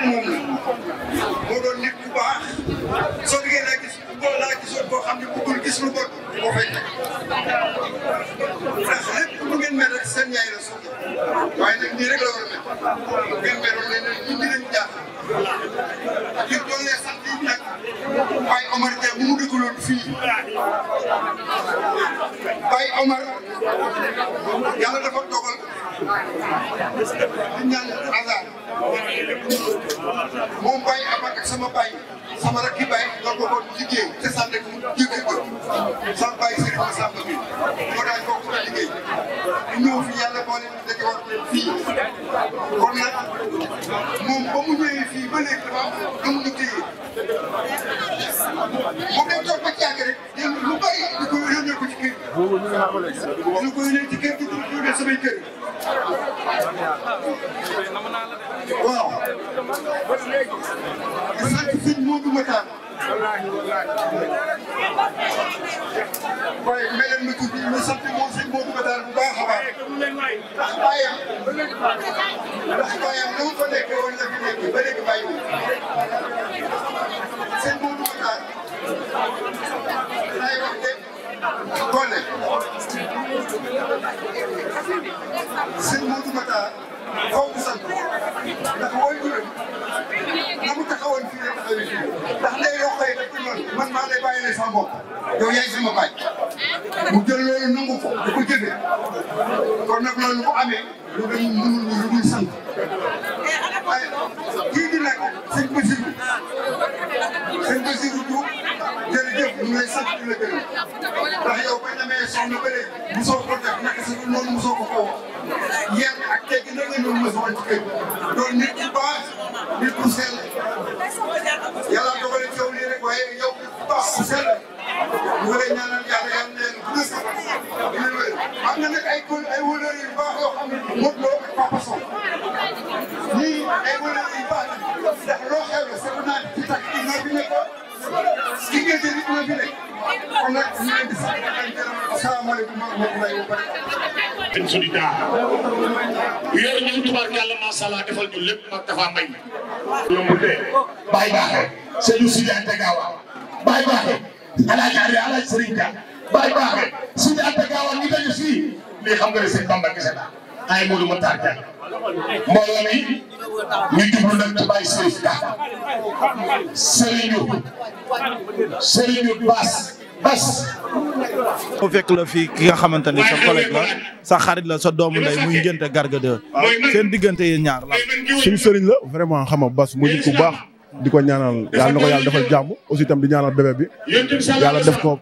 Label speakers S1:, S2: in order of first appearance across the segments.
S1: moo doon nit bu baax soo duggee laa gis boo laa gisoon boo xam ne bëggul gis lu bon boo fay nekk ndax lépp lu ngeen mel rek seen yaay la soxla waaye nag nii rek la war a mel bu ngeen meloon ne nag ñu ngi leen jaaxal ñu doon lee sant yi nag Baye Omar Dia bu mu dëkkaloon fii Baye Omar yàlla dafa dogal di ñaan hasard moom Baye Amath ak sama Baye sama rakki Baye loolu ko doon liggéey te sant rek mu jëndee ko sama Baye Serigne Massamba bi moo daan bokk na liggéey ñu ñëw fi yàlla boole ñu daje war fii kon nag moom ba mu ñëwee fii ba léegi dafa am lu mu ñu téye moom day toog ba caag rek yéen lu bari di ko yónnee ko ci kër gi. ñu ko yónnee ci kër gi di ko yónnee samay kër. waaw di sant sëñ Moodu Mataan wallaahi wallaahi waaye may leen ma tuuti ma sant moom sëñ Moodu Mataan bu baax a ba léegi yaay sama baay mu jël loolu nangu ko di ko jëfee kon nag loolu bu amee lu dem mënul ñu lu dul sant waaye kii di nag sëñ Basiru sëñ Basiru du jërëjëf ñu lay sant di la gërëm ndax yow bañ amee soxna ba léegi mosoo ko def naka sa noonu mosoo ko koo yar ak teggi na nga ñëw mos a wàcc kër doon nit ku baax nit ku sell bu ko defee ñaanal yàlla yàlla na leen plus que am na ay ay wóolóor yu baax yoo xam ne Modou Lo ay wóolóor yu baax ndax loo xew la seetlu naa takk bi ñoo fi nekkoon ki nga jël nit ñoo fi nekk kon nag di sant
S2: alaakaar yaa laaj sëriñ Ka bàyyi baaxe suñu atta gaawaan ñu daje fii lii nga ne sëñ Bamba kese ay Modou Matar Ka
S1: mbooloo mi
S2: ñu jublu nag ci bàyyi
S1: sëriñ Ka sëriñu
S2: sëriñu Bass fekk la fii ki nga xamante ne sa collègue la sa xarit la sa doomu ndey muy ngénte Garga 2 seen diggante yéen ñaar la suñu sëriñ la vraiment xam nga Bass mu nit baax di ko ñaanal yàlla na ko yàlla defal jàmm aussi itam ñaanal bébé bi yàlla ko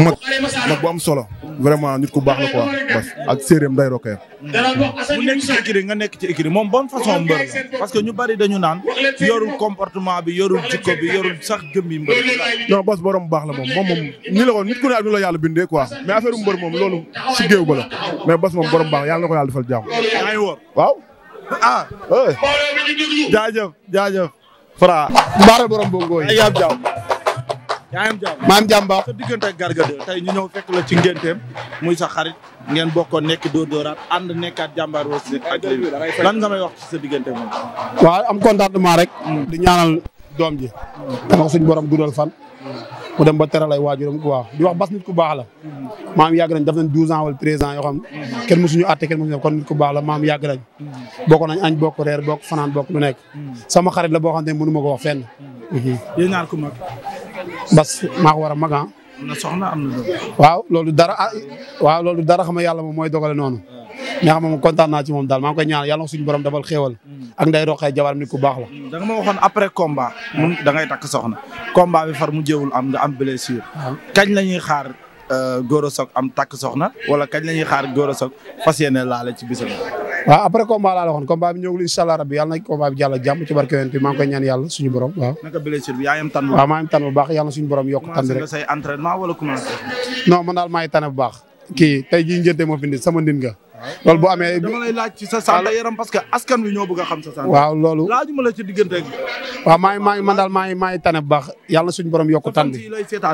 S2: mag mag bu am solo vraiment nit ku baax la quoi bas ak séeréem day rokkee mu nekk ci nga nekk ci écurie moom bonne façon mbër la parce que ñu bari dañu naan yorul comportement bi yorul jikko bi yorul sax jëm yi mbër non bas borom baax la moom moom moom ñu la ko nit ku ne ñu la yàlla bindee ko mais affaire u moom loolu si géew la mais bas moom borom baax yàlla na ko yàlla defal jàmm yaa waaw ah jaajëf Fra baara borom bongo yi. yaa am jàmm. yaa am jàmm maa am baax. sa diggante ak Garga 2 tey ñu ñëw fekk la ci ngénteem muy sax xarit ngeen bokkoon nekk door dóoraat ànd nekkaat jàmbaar aussi ak léegi lan nga may wax ci sa diggante moom.
S3: am contentement rek. Mm. di ñaanal doom ji. dama mm. suñ borom guddal fan. mu dem ba teral ay waajuram di wax bas nit ku baax la maam yàgg nañ def nañ douze ans wala treize ans yoo xam kenn mësuñu àtte kenn mësuñu kon nit ku baax la maam yàgg nañ bokk nañ añ bokk reer bokk fanaan bokk nekk sama xarit la boo xam ne mënu ma ko wax fenn yéen ñaar ku mag bas maa ko war a mag ah. na soxna am na doom waaw loolu dara ah waaw loolu dara xam nga yàlla moom mooy dogale noonu mais moom kontaan naa ci moom daal maa ngi koy ñaan yàlla na suñu borom dafal xéewal mm. ak nday roqee jabaram nit ku baax la mm. da nga ma waxoon après combat mun da ngay takk soxna combat bi far mu jéewul am nga am blessure
S2: kañ la ñuy xaar euh, Gora Sock am takk soxna wala kañ la ñuy xaar Gora Sock fas yéene laale ci bisam
S3: waaw après combat laa la waxoon combat bi ñëwul incha allah rabbi yàlla na combat bi jàll ak jàmm ci barke yonent bi maa ngi koy ñaan yàlla suñu borom waaw naka
S2: blessure bi yaa yam tan waaw maa
S3: ngi bu baax yàlla suñu borom yokk tan rek say entraînement wala commencé non man daal maa ngi bu baax kii tey jii njënte moo indi sama ndin nga loolu bu amee. dama lay
S2: laaj ci sa santé yaram parce que
S3: askan wi ñoo bëgg xam sa santé. waaw loolu ma la ci diggante ak. waaw maa ngi maa ngi man daal maa ngi maa ngi tane bu baax yàlla suñu borom yokku tànn.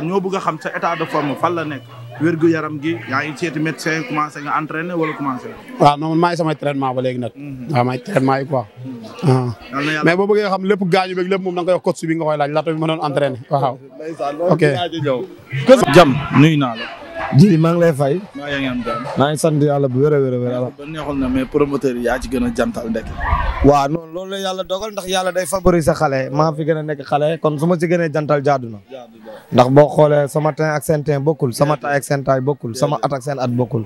S2: ñoo bëgg a xam sa état de forme fan la nekk. wérgu yaram gi yaa ngi seeti médecin commencé nga entraîner wala commencé.
S3: waaw non man maa ngi samay traitement ba mhm. mhm. ah. boo xam lépp gaañu beeg lépp moom da nga koy wax laaj laata ma doon entraîner waaw. ok.
S2: jii maa ngi lay fay. maa ngi am jàmm. maa ngi sant yàlla bu wér a wér a wér. ba neexoon na mais promoteur yi yaa ci gën a jantal ndek. waaw noonu
S4: loolu la yàlla dogal ndax yàlla day favoriser xale maa fi gën a nekk xale kon su ma ci gënee jantal jaadu na. ndax boo xoolee sama teint ak seen teint bokkul sama taille ak seen taille bokkul sama at ak seen at bokkul.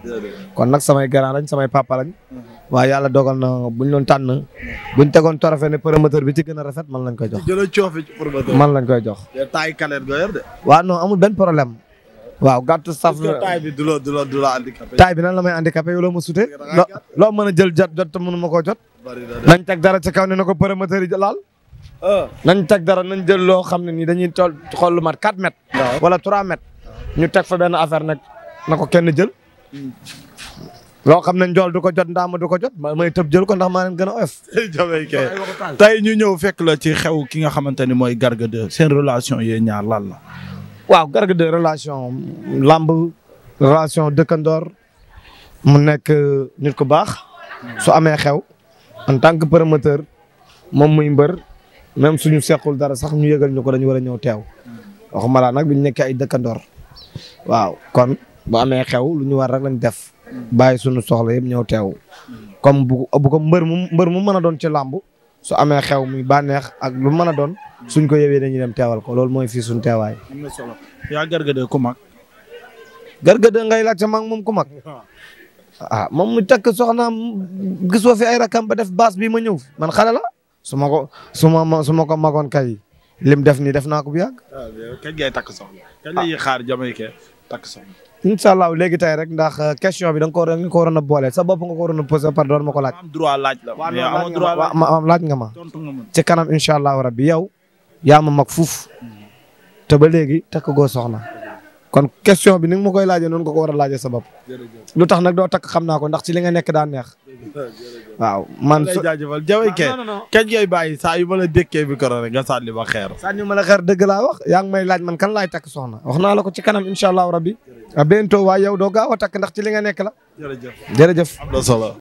S4: kon nag samay garant lañ samay papa lañ. yàlla dogal na buñ doon tann buñ tegoon trophée ne promoteur bi ci gën a rafet man lañ koy jox. jëlal
S2: coofe ci promoteur
S4: man waaw gàtt saf. taay bi du la bi nan la may handicapé yow loo ma sutee. loo mën a jël jot jot te ma koo jot. nañ teg dara ci kaw ne na ko promoteur yi laal. Ah. nañ teg dara nañ jël loo xam ne nii dañuy toll xool lu mat 4 ah. wala 3 ñu teg fa benn affaire nag na ko kenn jël. Hmm. loo xam ne njool du ko jot ndaama du ko jot ma may tëb jël ko ndax maa leen gën a oyof. tey ñu ñëw fekk
S2: la ci xew ki nga xamante ni mooy Garga 2 seen relation yee ñaar laal la. waaw Garga de
S4: relation lamb relation dëkkandoor mu nekk euh, nit ku baax su amee xew en tant que promoteur moom muy mbër même suñu sequl dara sax ñu yëgal ñu ko dañu war a ñëw teew waxuma nag bi ñu nekkee ay dëkkandoor waaw kon bu amee xew lu ñu war rek lañ def bàyyi suñu soxla yëpp ñëw teew comme bu bu ko mbër mu mbër mu mën a doon ci làmb su amee xew muy bànneex ak lu mën a doon suñ ko yëwee dañuy dem teewal ko loolu mooy fii suñ teewaay.
S2: am na solo yaa Garga 2
S4: ku mag. Garga 2 ngay laajte mag moom ku mag. ah moom mu takk soxnaam gisoo fi ay rakam ba def baas bi ma ñëw man xale la su ma ko su ma su ma ko magoon kay lim def nii def naa ko bu yàgg.
S2: Ah, kañ ngay takk sox kañ lay xaar Jamaïcain takk soxna.
S4: incha allah léegi tey rek ndax euh, question bi da ko da nga ko waroon a boole sa bopp nga ko waroon a posé par doon ma ko laaj. am
S2: droit ma la
S4: laaj nga ma ci kanam incha allah rabbi yow yaa ma mag fuuf hmm. te ba léegi takk goo soxna. kon question bi ni nga ma koy laajee noonu nga ko war a laajee sa bopp. lu tax nag doo takk xam naa ko ndax ci li nga nekk daa neex.
S2: waaw man. lay jaajëfal jawee kee ah, kañ ngay bàyyi saa yu ma la dékkee bi koro rek nga sànni ma xeer.
S4: sànni ma la xeer dëgg laa wax yaa ngi may laaj man kan laay takk soxna wax naa la ko ci kanam incha allahu rabbi. a ah, bientôt waaye yow doo gaaw a takk ndax ci li nga nekk la. jërëjëf jërëjëf. am